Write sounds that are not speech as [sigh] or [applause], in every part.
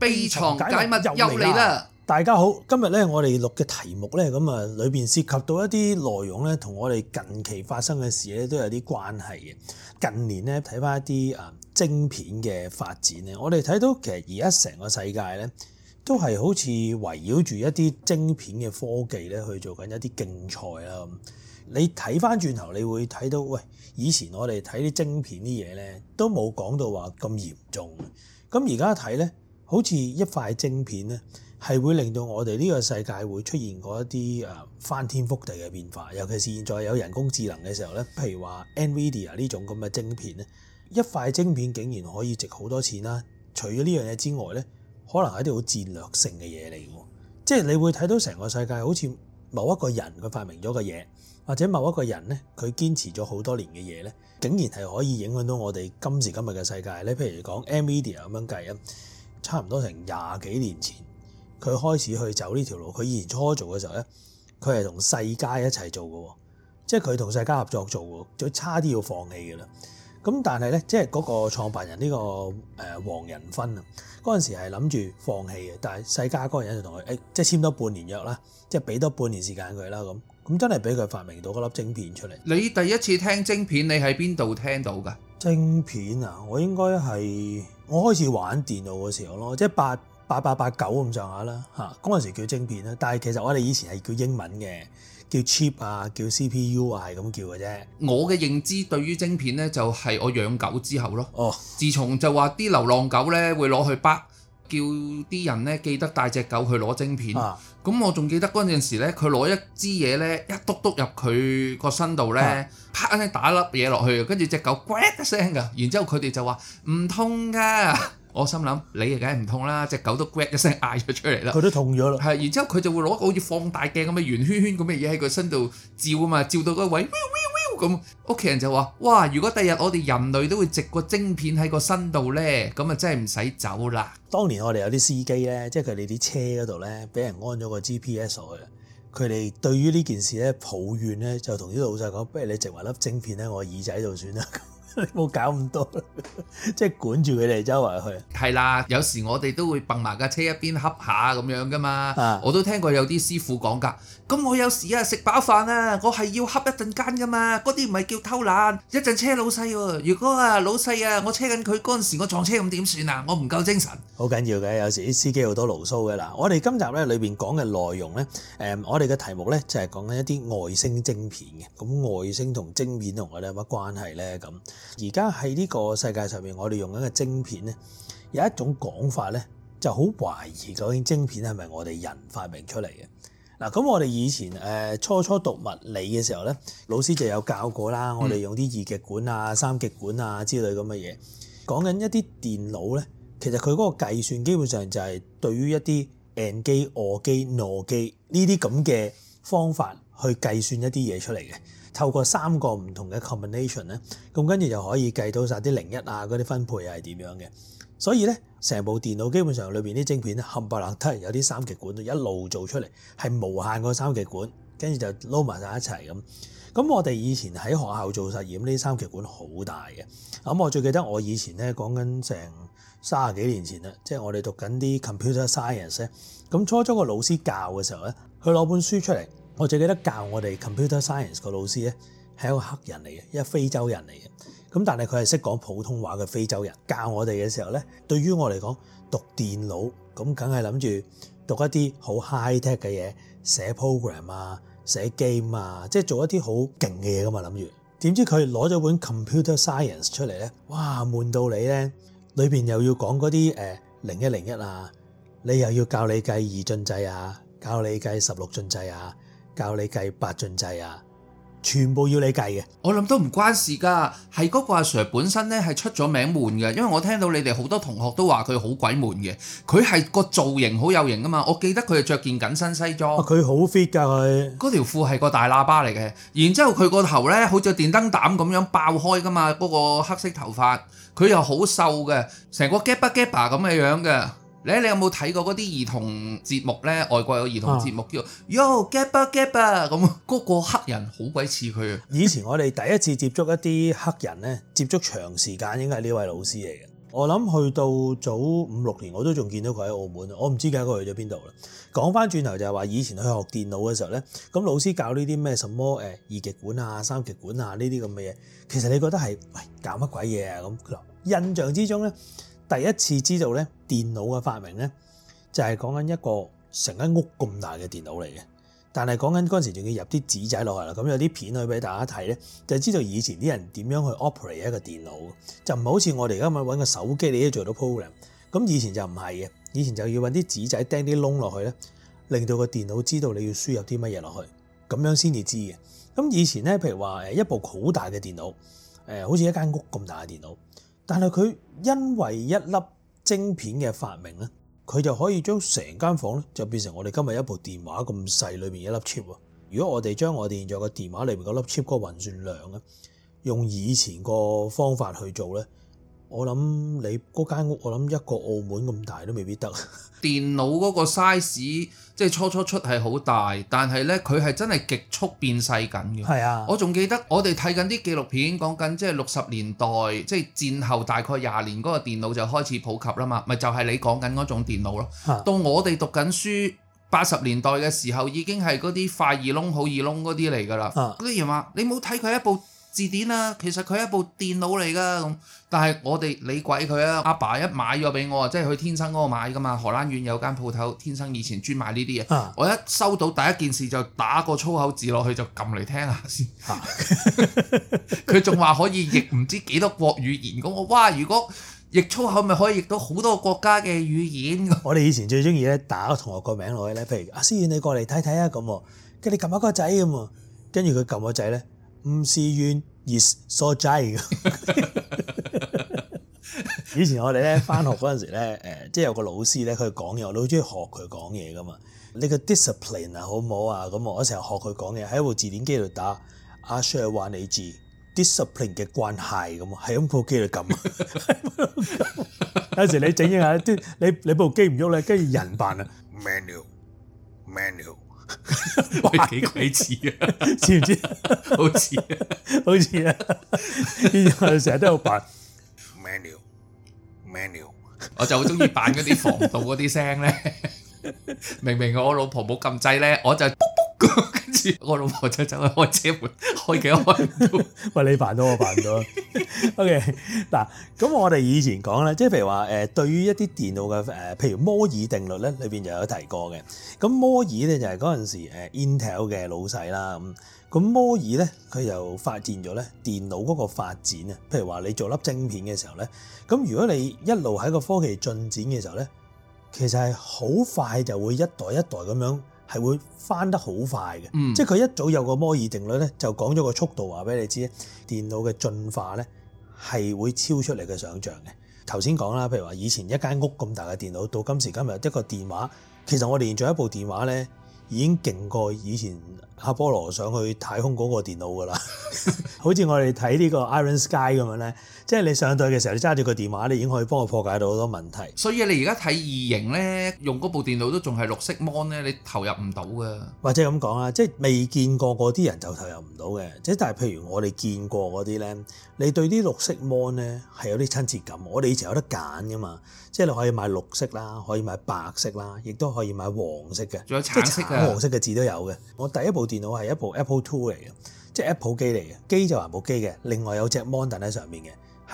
秘藏解密入嚟啦！大家好，今日咧我哋錄嘅題目咧，咁啊，裏邊涉及到一啲內容咧，同我哋近期發生嘅事咧都有啲關係嘅。近年咧睇翻一啲啊晶片嘅發展咧，我哋睇到其實而家成個世界咧都係好似圍繞住一啲晶片嘅科技咧去做緊一啲競賽啦。你睇翻轉頭，你會睇到喂，以前我哋睇啲晶片啲嘢咧都冇講到話咁嚴重，咁而家睇咧。好似一塊晶片咧，係會令到我哋呢個世界會出現過一啲誒翻天覆地嘅變化。尤其是現在有人工智能嘅時候咧，譬如話 NVIDIA 呢種咁嘅晶片咧，一塊晶片竟然可以值好多錢啦。除咗呢樣嘢之外咧，可能係啲好戰略性嘅嘢嚟嘅，即係你會睇到成個世界好似某一個人佢發明咗個嘢，或者某一個人咧佢堅持咗好多年嘅嘢咧，竟然係可以影響到我哋今時今日嘅世界咧。譬如講 NVIDIA 咁樣計啊～差唔多成廿幾年前，佢開始去走呢條路。佢以前初做嘅時候呢，佢係同世嘉一齊做嘅，即係佢同世嘉合作做嘅，就差啲要放棄嘅啦。咁但係呢，即係嗰個創辦人呢、呢個誒黃、呃、仁勳啊，嗰陣時係諗住放棄嘅，但係世嘉嗰人就同佢誒，即係簽多半年約啦，即係俾多半年時間佢啦。咁咁真係俾佢發明到嗰粒晶片出嚟。你第一次聽晶片，你喺邊度聽到嘅？晶片啊，我應該係。我開始玩電腦嘅時候咯，即係八八八八九咁上下啦，嚇，嗰陣時叫晶片啦，但係其實我哋以前係叫英文嘅，叫 chip 啊，叫 CPU 啊，係咁叫嘅啫。我嘅認知對於晶片呢，就係我養狗之後咯。哦，oh. 自從就話啲流浪狗呢，會攞去北。叫啲人咧記得帶隻狗去攞晶片，咁我仲記得嗰陣時咧，佢攞一支嘢咧，一篤篤入佢個身度咧，啪一聲打粒嘢落去，跟住隻狗嘩一聲噶，然之後佢哋就話唔痛噶，我心諗你誒梗係唔痛啦，隻狗都嘩一聲嗌咗出嚟啦，佢都痛咗啦，係，然之後佢就會攞個好似放大鏡咁嘅圓圈圈咁嘅嘢喺佢身度照啊嘛，照到個位。咁屋企人就話：哇！如果第日我哋人類都會植個晶片喺個身度呢，咁啊真係唔使走啦。當年我哋有啲司機呢，即係佢哋啲車嗰度呢，俾人安咗個 GPS 落去。佢哋對於呢件事呢，抱怨呢，就同呢個老細講：不如你植埋粒晶片呢，我耳仔度算啦。你冇搞咁多， [laughs] 即係管住佢哋周圍去。係啦，有時我哋都會掟埋架車一邊恰下咁樣噶嘛。啊、我都聽過有啲師傅講噶。咁我有時啊食飽飯啊，我係要恰一陣間噶嘛。嗰啲唔係叫偷懶，一陣車老細、啊。如果啊老細啊，我車緊佢嗰陣時，我撞車咁點算啊？我唔夠精神。好緊要嘅，有時啲司機好多牢騷噶啦。我哋今集咧裏邊講嘅內容咧，誒、呃，我哋嘅題目咧就係講緊一啲外星晶片嘅。咁、嗯、外星同晶片同我哋有乜關係咧？咁而家喺呢個世界上面，我哋用緊嘅晶片咧，有一種講法咧，就好懷疑究竟晶片係咪我哋人發明出嚟嘅？嗱，咁我哋以前誒初初讀物理嘅時候咧，老師就有教過啦，我哋用啲二極管啊、三極管啊之類咁嘅嘢，講緊一啲電腦咧，其實佢嗰個計算基本上就係對於一啲 AND 機、OR 機、呢啲咁嘅方法去計算一啲嘢出嚟嘅。透過三個唔同嘅 combination 咧，咁跟住就可以計到晒啲零一啊嗰啲分配係點樣嘅。所以咧，成部電腦基本上裏邊啲晶片咧，冚唪唥都係有啲三極管一路做出嚟，係無限個三極管，跟住就撈埋晒一齊咁。咁我哋以前喺學校做實驗，呢三極管好大嘅。咁我最記得我以前咧，講緊成三十幾年前啦，即係我哋讀緊啲 computer science。咁初中個老師教嘅時候咧，佢攞本書出嚟。我最記得教我哋 computer science 嘅老師咧，係一個黑人嚟嘅，一個非洲人嚟嘅。咁但係佢係識講普通話嘅非洲人，教我哋嘅時候咧，對於我嚟講讀電腦咁，梗係諗住讀一啲好 high tech 嘅嘢，寫 program 啊，寫 game 啊，即係做一啲好勁嘅嘢噶嘛，諗住。點知佢攞咗本 computer science 出嚟咧，哇，悶到你咧，裏邊又要講嗰啲誒零一零一啊，你又要教你計二進制啊，教你計十六進制啊。教你計八進制啊，全部要你計嘅。我諗都唔關事噶，係嗰個阿 sir 本身咧係出咗名悶嘅，因為我聽到你哋好多同學都話佢好鬼悶嘅，佢係個造型好有型噶嘛。我記得佢着件緊身西裝，佢好 fit 噶佢。嗰條褲係個大喇叭嚟嘅，然之後佢個頭咧好似電燈膽咁樣爆開噶嘛，嗰、那個黑色頭髮，佢又好瘦嘅，成個 gap 不 gap 爸咁嘅樣嘅。咧，你有冇睇過嗰啲兒童節目咧？外國有兒童節目叫 Yo Gabba Gabba，咁嗰個黑人好鬼似佢啊！以前我哋第一次接觸一啲黑人咧，接觸長時間應該係呢位老師嚟嘅。我諗去到早五六年，我都仲見到佢喺澳門。我唔知解佢去咗邊度啦。講翻轉頭就係話，以前去學電腦嘅時候咧，咁老師教呢啲咩什麼誒二極管啊、三極管啊呢啲咁嘅嘢，其實你覺得係喂搞乜鬼嘢啊咁？印象之中咧。第一次知道咧電腦嘅發明咧，就係講緊一個成間屋咁大嘅電腦嚟嘅。但係講緊嗰陣時仲要入啲紙仔落去啦。咁有啲片去俾大家睇咧，就係知道以前啲人點樣去 operate 一個電腦，就唔係好似我哋而家咁揾個手機你都做到 program。咁以前就唔係嘅，以前就要揾啲紙仔釘啲窿落去咧，令到個電腦知道你要輸入啲乜嘢落去，咁樣先至知嘅。咁以前咧，譬如話誒一部好大嘅電腦，誒好似一間屋咁大嘅電腦。但係佢因為一粒晶片嘅發明咧，佢就可以將成間房咧就變成我哋今日一部電話咁細，裏面一粒 chip。如果我哋將我哋現在個電話裏面嗰粒 chip 嗰個運算量咧，用以前個方法去做咧。我諗你嗰間屋，我諗一個澳門咁大都未必得。電腦嗰個 size 即係初初出係好大，但係呢，佢係真係極速變細緊嘅。係啊、我仲記得我哋睇緊啲紀錄片，講緊即係六十年代即係戰後大概廿年嗰、嗰個電腦就開始普及啦嘛，咪就係、係、你講緊嗰種電腦咯。啊、到我哋讀緊書八十年代嘅時候，已經係嗰啲快二窿好二窿嗰啲嚟㗎啦。嗰啲人話：你冇睇佢一部字典啊，其實佢係一部電腦嚟噶咁，但係我哋理鬼佢啊！阿爸，爸一買咗俾我，即係去天生嗰度買噶嘛，荷蘭苑有間鋪頭，天生以前專賣呢啲嘢。啊、我一收到第一件事就打個粗口字落去，就撳嚟聽下先。佢仲話可以譯唔知幾多國語言咁。哇！如果譯粗口咪可以譯到好多國家嘅語言。 [laughs] 我哋以前最中意咧打個同學個名落去咧，譬如阿思、啊、你過嚟睇睇啊咁。跟住撳一個仔咁，跟住佢撳個仔咧。唔思怨，熱疏解。以前我哋咧翻學嗰陣時咧，誒，即係有個老師咧，佢講嘢，我都好中意學佢講嘢噶嘛。你個 discipline 啊，好唔好啊？咁我成日學佢講嘢，喺部字典機度打阿 Sir 話你字 discipline 嘅關係咁啊，係咁部機度撳。 [laughs] 有時你整一下，你你部機唔喐咧，跟住人扮啊 menu menu。喂，幾鬼似啊？似唔似？ [laughs] 好似的，啊！ [laughs] 好似啊！我成日都有扮 manual，manual， [laughs] 我就好中意扮嗰啲防盜嗰啲聲咧。 [laughs] 明明我老婆冇撳掣咧，我就。我老婆就走去開車門，開幾開？ [laughs] 喂，你煩到我煩到 [laughs] ，OK 嗱。咁我哋以前講咧，即係譬如話誒，對於一啲電腦嘅，誒，譬如摩爾定律咧，裏邊就有提過嘅。咁摩爾咧就係嗰陣時誒 Intel 嘅老細啦。咁咁摩爾咧，佢又發，發展咗咧電腦嗰個發展啊。譬如話你做粒晶片嘅時候咧，咁如果你一路喺個科技進展嘅時候咧，其實係好快就會一代一代咁樣。係會翻得好快嘅，嗯、即係佢一早有個摩爾定律咧，就講咗個速度話俾你知，電腦嘅進化咧係會超出你嘅想象嘅。頭先講啦，譬如話以前一間屋咁大嘅電腦，到今時今日一個電話，其實我哋連續一部電話咧。已經勁過以前阿波羅上去太空嗰個電腦㗎啦， [laughs] [laughs] 好似我哋睇呢個 Iron Sky 咁樣咧，即係你上到去嘅時候，你揸住個電話，你已經可以幫我破解到好多問題。所以你而家睇異形咧，用嗰部電腦都仲係綠色 mon 咧，你投入唔到㗎。或者咁講啊，即係未見過嗰啲人就投入唔到嘅，即係但係譬如我哋見過嗰啲咧，你對啲綠色 mon 咧係有啲親切感。我哋以前有得揀㗎嘛，即係你可以買綠色啦，可以買白色啦，亦都可以買黃色嘅，仲有橙色嘅。各式嘅字都有嘅。我第一部電腦係一部 Apple Two 嚟嘅，即係 Apple 機嚟嘅。機就係部機嘅。另外有隻 Monitor 喺上面嘅。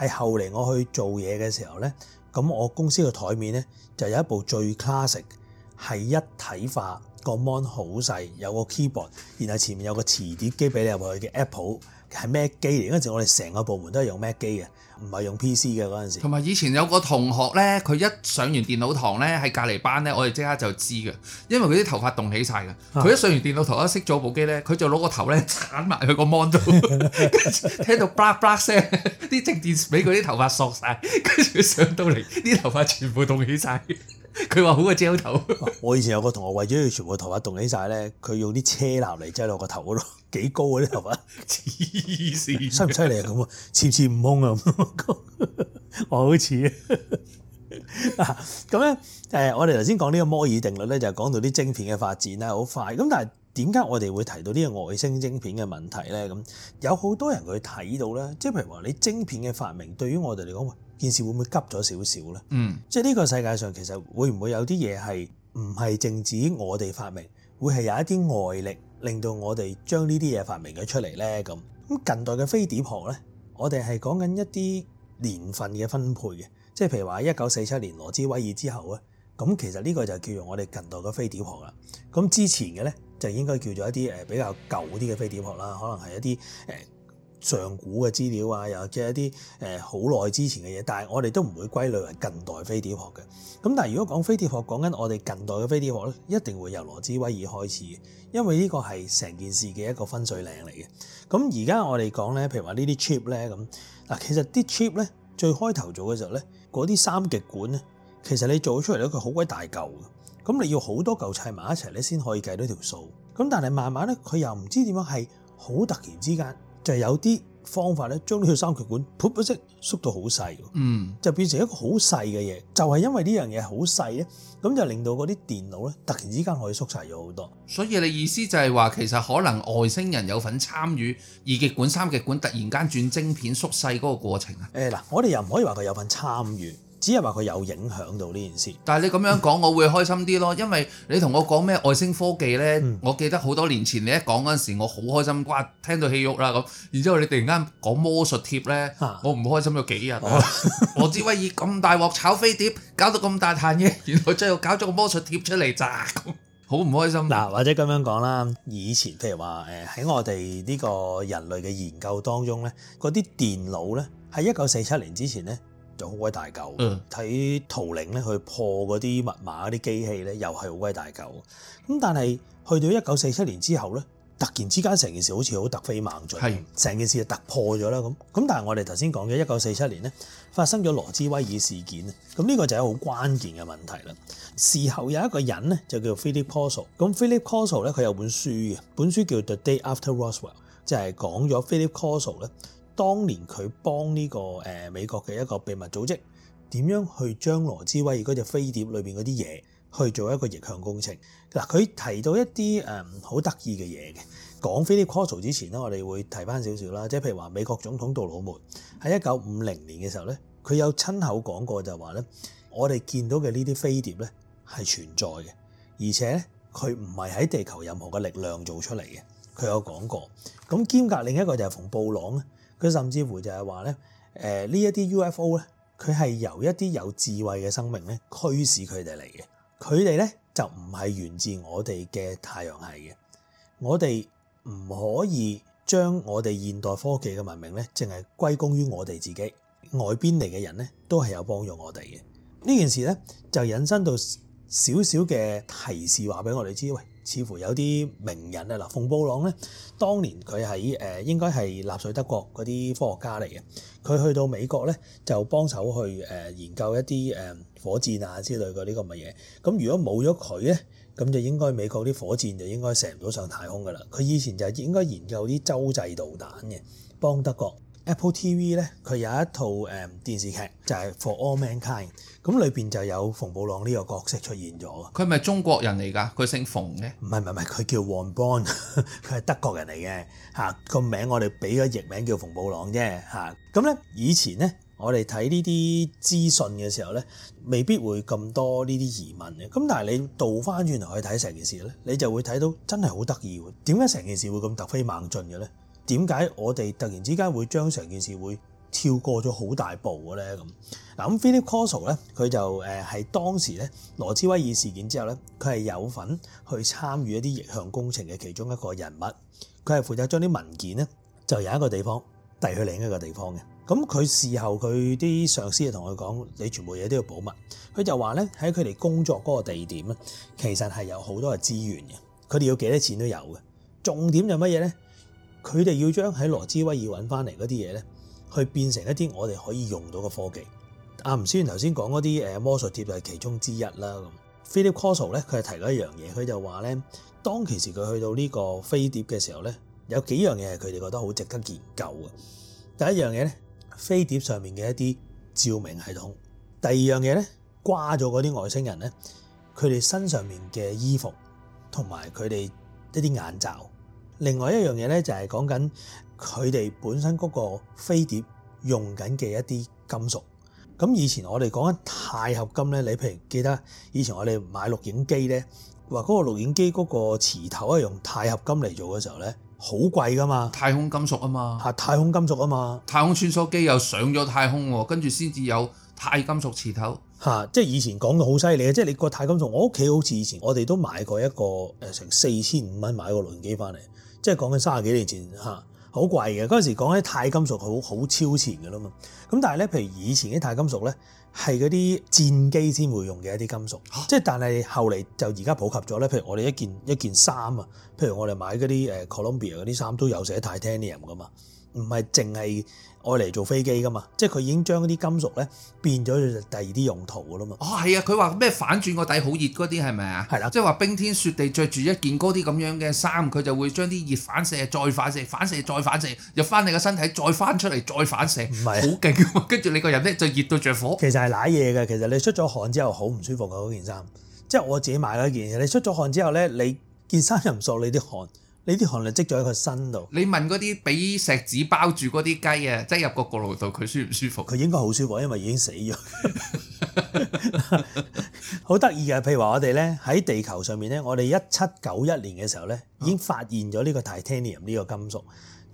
係後嚟我去做嘢嘅時候咧，咁我公司嘅台面咧就有一部最 Classic，係一體化，個 Mon 好細，有個 Keyboard，然後前面有個磁碟機俾你入去嘅 Apple。係咩機嚟？嗰陣時我哋成個部門都係用 Mac 機嘅，唔係用 PC 嘅嗰陣時。同埋以前有個同學咧，佢一上完電腦堂咧，喺隔離班咧，我哋即刻就知嘅，因為佢啲頭髮凍起晒嘅。佢、啊、一上完電腦堂一熄咗部機咧，佢就攞個頭咧鏟埋佢個 Mon 度，跟住 [laughs] [laughs] 聽到叭叭聲，啲靜電俾佢啲頭髮索晒，跟住上到嚟啲頭髮全部凍起晒。佢話好過剪頭， [laughs] 我以前有個同學為咗要全部頭髮動起晒，咧，佢用啲車蠟嚟擠落個頭度，幾高嗰啲頭髮，黐線，犀唔犀利啊咁啊，似唔似悟空啊咁，我好似啊，咁咧誒，我哋頭先講呢個摩爾定律咧，就講到啲晶片嘅發展咧好快，咁但係，點解我哋會提到呢個外星晶片嘅問題呢？咁有好多人會睇到咧，即係譬如話你晶片嘅發明對於我哋嚟講，件事會唔會急咗少少呢？嗯，即係呢個世界上其實會唔會有啲嘢係唔係淨止我哋發明，會係有一啲外力令到我哋將呢啲嘢發明咗出嚟呢？咁咁近代嘅飛碟學呢，我哋係講緊一啲年份嘅分配嘅，即係譬如話一九四七年羅斯威爾之後啊，咁其實呢個就叫做我哋近代嘅飛碟學啦。咁之前嘅呢。就應該叫做一啲誒比較舊啲嘅飛碟學啦，可能係一啲誒上古嘅資料啊，又或者一啲誒好耐之前嘅嘢。但係我哋都唔會歸類為近代飛碟學嘅。咁但係如果講飛碟學，講緊我哋近代嘅飛碟學咧，一定會由羅茲威爾開始嘅，因為呢個係成件事嘅一個分水嶺嚟嘅。咁而家我哋講咧，譬如話呢啲 chip 咧，咁嗱，其實啲 chip 咧最開頭做嘅時候咧，嗰啲三極管咧，其實你做出嚟咧，佢好鬼大嚿。咁你要好多嚿砌埋一齊咧，先可以計到條數。咁但係慢慢咧，佢又唔知點樣係好突然之間就係有啲方法咧，將呢個三極管噗噗式縮到好細。嗯，就變成一個好細嘅嘢。就係因為呢樣嘢好細咧，咁就令到嗰啲電腦咧，突然之間可以縮細咗好多。所以你意思就係話，其實可能外星人有份參與二極管、三極管突然間轉晶片縮細嗰個過程啊？誒，嗱，我哋又唔可以話佢有份參與。只係話佢有影響到呢件事，但係你咁樣講，我會開心啲咯，嗯、因為你同我講咩外星科技呢？嗯、我記得好多年前你一講嗰陣時，我好開心。哇，聽到戲肉啦咁。然之後你突然間講魔術貼呢？啊、我唔開心咗幾日。啊、我志威以咁大鑊炒飛碟，搞到咁大壇嘢，原來最後搞咗個魔術貼出嚟咋，好唔開心。嗱，或者咁樣講啦，以前譬如話誒喺我哋呢個人類嘅研究當中呢，嗰啲電腦呢，喺一九四七年之前呢。就好鬼大嚿，睇圖靈咧去破嗰啲密碼啲機器咧，又係好鬼大嚿。咁但係去到一九四七年之後咧，突然之間成件事好似好突飛猛進，成是件事就突破咗啦。咁咁但係我哋頭先講嘅一九四七年咧，發生咗羅斯威爾事件咧。咁呢個就係好關鍵嘅問題啦。事後有一個人咧就叫 Philip Corso，咁 Philip Corso 咧，佢有本書嘅，本書叫做 The Day After Roswell，就係講咗 Philip Corso 咧。當年佢幫呢個誒美國嘅一個秘密組織，點樣去將羅茲威爾嗰隻飛碟裏邊嗰啲嘢去做一個逆向工程嗱？佢提到一啲誒好得意嘅嘢，嘅，講飛碟 cult 之前咧，我哋會提翻少少啦，即係譬如話美國總統杜魯門喺一九五零年嘅時候咧，佢有親口講過就話咧，我哋見到嘅呢啲飛碟咧係存在嘅，而且咧佢唔係喺地球任何嘅力量做出嚟嘅，佢有講過。咁兼夾另一個就係馮布朗咧。佢甚至乎就係話咧，誒呢一啲 UFO 咧，佢係由一啲有智慧嘅生命咧驅使佢哋嚟嘅，佢哋咧就唔係源自我哋嘅太陽系嘅，我哋唔可以將我哋現代科技嘅文明咧，淨係歸功於我哋自己，外邊嚟嘅人咧都係有幫助我哋嘅。呢件事咧就引申到少少嘅提示，話俾我哋知喂。似乎有啲名人啊！嗱，馮布朗咧，當年佢喺誒應該係納粹德國嗰啲科學家嚟嘅，佢去到美國咧就幫手去誒、呃、研究一啲誒、呃、火箭啊之類嘅呢個乜嘢。咁如果冇咗佢咧，咁就應該美國啲火箭就應該射唔到上太空噶啦。佢以前就應該研究啲洲際導彈嘅，幫德國。Apple TV 咧，佢有一套誒、嗯、電視劇就係 For All Mankind，咁裏邊就有馮布朗呢個角色出現咗。佢係咪中國人嚟㗎？佢姓馮嘅？唔係唔係唔係，佢叫 von Braun，佢係德國人嚟嘅嚇。個名我哋俾咗譯名叫馮布朗啫嚇。咁、啊、咧以前咧，我哋睇呢啲資訊嘅時候咧，未必會咁多呢啲疑問嘅。咁但係你倒翻轉頭去睇成件事咧，你就會睇到真係好得意喎。點解成件事會咁突飛猛進嘅咧？點解我哋突然之間會將成件事會跳過咗好大步嘅咧？咁嗱，咁 Philip Corso 咧，佢就誒係、呃、當時咧羅斯威爾事件之後咧，佢係有份去參與一啲逆向工程嘅其中一個人物，佢係負責將啲文件咧，就由一個地方遞去另一個地方嘅。咁佢事後佢啲上司就同佢講：你全部嘢都要保密。佢就話咧喺佢哋工作嗰個地點咧，其實係有好多嘅資源嘅，佢哋要幾多錢都有嘅。重點就乜嘢咧？佢哋要將喺羅茲威爾揾翻嚟嗰啲嘢呢，去變成一啲我哋可以用到嘅科技。阿、啊、吳思源頭先講嗰啲誒魔術貼係其中之一啦。咁 Philip Koso 咧了，佢係提咗一樣嘢，佢就話呢：「當其時佢去到呢個飛碟嘅時候呢，有幾樣嘢係佢哋覺得好值得研究嘅。第一樣嘢呢，飛碟上面嘅一啲照明系統；第二樣嘢呢，掛咗嗰啲外星人呢，佢哋身上面嘅衣服同埋佢哋一啲眼罩。另外一樣嘢咧，就係講緊佢哋本身嗰個飛碟用緊嘅一啲金屬。咁以前我哋講緊鈦合金咧，你譬如記得以前我哋買錄影機咧，話嗰個錄影機嗰個磁頭係用鈦合金嚟做嘅時候咧，好貴噶嘛，太、啊嘛啊，太空金屬啊嘛，嚇太空金屬啊嘛，太空穿梭機又上咗太空喎、啊，跟住先至有鈦金屬磁頭，嚇、啊、即係以前講到好犀利嘅，即係你個鈦金屬，我屋企好似以前我哋都買過一個誒、呃、成四千五蚊買個錄影機翻嚟。即係講緊三十幾年前嚇，好貴嘅嗰陣時講啲鈦金屬好好超前嘅啦嘛。咁但係咧，譬如以前啲鈦金屬咧係嗰啲戰機先會用嘅一啲金屬，即係但係後嚟就而家普及咗咧。譬如我哋一件一件衫啊，譬如我哋買嗰啲誒 Columbia 嗰啲衫都有寫 Titanium 噶嘛，唔係淨係。我嚟做飛機噶嘛，即係佢已經將啲金屬咧變咗第二啲用途噶啦嘛。哦，係啊，佢話咩反轉個底好熱嗰啲係咪啊？係啦，即係話冰天雪地着住一件嗰啲咁樣嘅衫，佢就會將啲熱反射再反射，反射再反射入翻你個身體，再翻出嚟再反射，唔係好勁嘅。跟住你個人咧就熱到着火。 [laughs] 其實係賴嘢嘅，其實你出咗汗之後好唔舒服嘅嗰件衫，即係我自己買咗一件。你出咗汗之後咧，你件衫又唔索你啲汗。呢啲寒力積咗喺佢身度。你問嗰啲俾錫紙包住嗰啲雞啊，擠入個焗爐度，佢舒唔舒服？佢應該好舒服，因為已經死咗。好得意嘅，譬如話我哋咧喺地球上面咧，我哋一七九一年嘅時候咧已經發現咗呢個 Titanium 呢個金屬。啊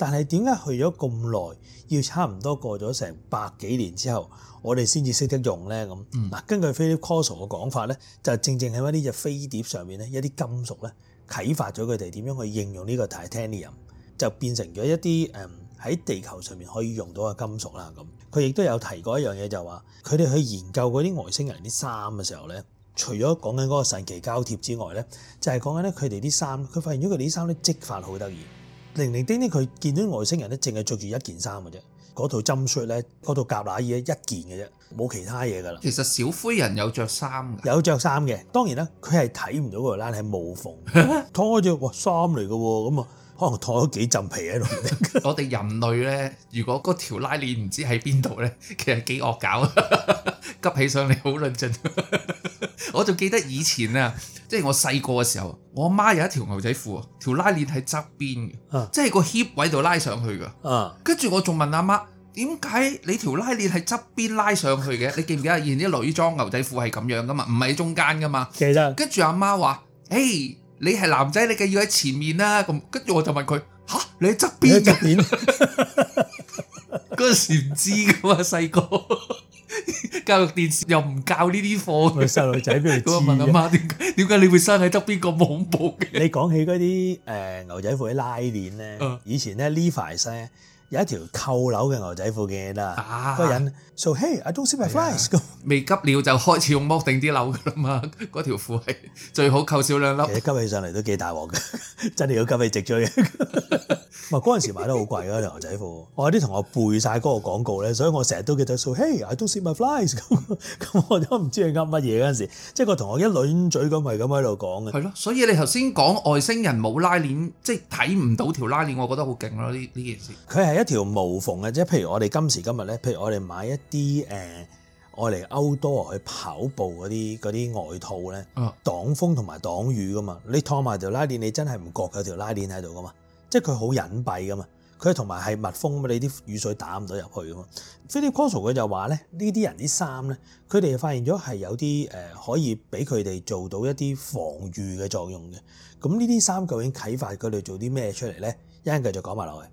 但係點解去咗咁耐，要差唔多過咗成百幾年之後，我哋先至識得用呢？咁、嗯？嗱，根據 Philip Corso 嘅講法呢就正正喺呢隻飛碟上面呢一啲金屬呢，啟發咗佢哋點樣去應用呢個 Titanium，就變成咗一啲誒喺地球上面可以用到嘅金屬啦咁。佢亦都有提過一樣嘢，就話佢哋去研究嗰啲外星人啲衫嘅時候呢除咗講緊嗰個神奇膠貼之外呢就係講緊呢，佢哋啲衫，佢發現咗佢哋啲衫咧織法好得意。零零丁丁佢見到外星人咧，淨係着住一件衫嘅啫，嗰套針靴咧，嗰套夾乸衣一件嘅啫，冇其他嘢噶啦。其實小灰人有着衫，有着衫嘅，當然啦，佢係睇唔到嗰條拉鏈冇縫，拖開住哇衫嚟嘅喎，咁啊、嗯，可能拖咗幾浸皮喺度。 [laughs] 我哋人類咧，如果嗰條拉鏈唔知喺邊度咧，其實幾惡搞， [laughs] 急起上嚟好論盡。 [laughs] 我就記得以前啊，即、就、係、是、我細個嘅時候，我媽有一條牛仔褲啊，條拉鏈喺側邊嘅，啊、即係個 hip 位度拉上去嘅。跟住、啊、我仲問阿媽點解你條拉鏈喺側邊拉上去嘅？你記唔記得以前啲女裝牛仔褲係咁樣噶嘛？唔係喺中間噶嘛？其實跟住阿媽話：誒、hey，你係男仔，你嘅要喺前面啦、啊。咁跟住我就問佢：吓？你喺側邊點？嗰 [laughs] 時唔知噶嘛，細個。 [laughs] 教育電視又唔教呢啲課，細路仔邊度知啊？點解點解你會生喺得邊個恐怖嘅？你講起嗰啲誒牛仔褲啲拉鏈咧，嗯、以前咧 Levi's 咧有一條扣鈕嘅牛仔褲嘅啦，嗰、啊、人。So hey, I don't see my flies，咁未急了就開始用剝定啲樓㗎啦嘛！嗰條褲係最好扣少兩粒，其實急起上嚟都幾大鑊嘅，真係要急起直追。唔係嗰陣時買得好貴㗎條牛仔褲，我有啲同學背曬嗰個廣告咧，所以我成日都記得。So hey, I don't see my flies，咁咁，我都唔知佢噏乜嘢嗰陣時，即係個同學一輪嘴咁咪咁喺度講嘅。係咯，所以你頭先講外星人冇拉鏈，即係睇唔到條拉鏈，我覺得好勁咯！呢呢件事佢係一條無縫嘅，即係譬如我哋今時今日咧，譬如我哋買一。啲誒愛嚟歐多啊去跑步嗰啲啲外套咧，啊擋風同埋擋雨噶嘛，你拖埋條拉鏈，你真係唔覺有條拉鏈喺度噶嘛，即係佢好隱蔽噶嘛，佢同埋係密封咁啊，你啲雨水打唔到入去噶嘛。Philip Korsel 佢就話咧，呢啲人啲衫咧，佢哋發現咗係有啲誒可以俾佢哋做到一啲防禦嘅作用嘅。咁呢啲衫究竟啟發佢哋做啲咩出嚟咧？一陣繼續講埋落去。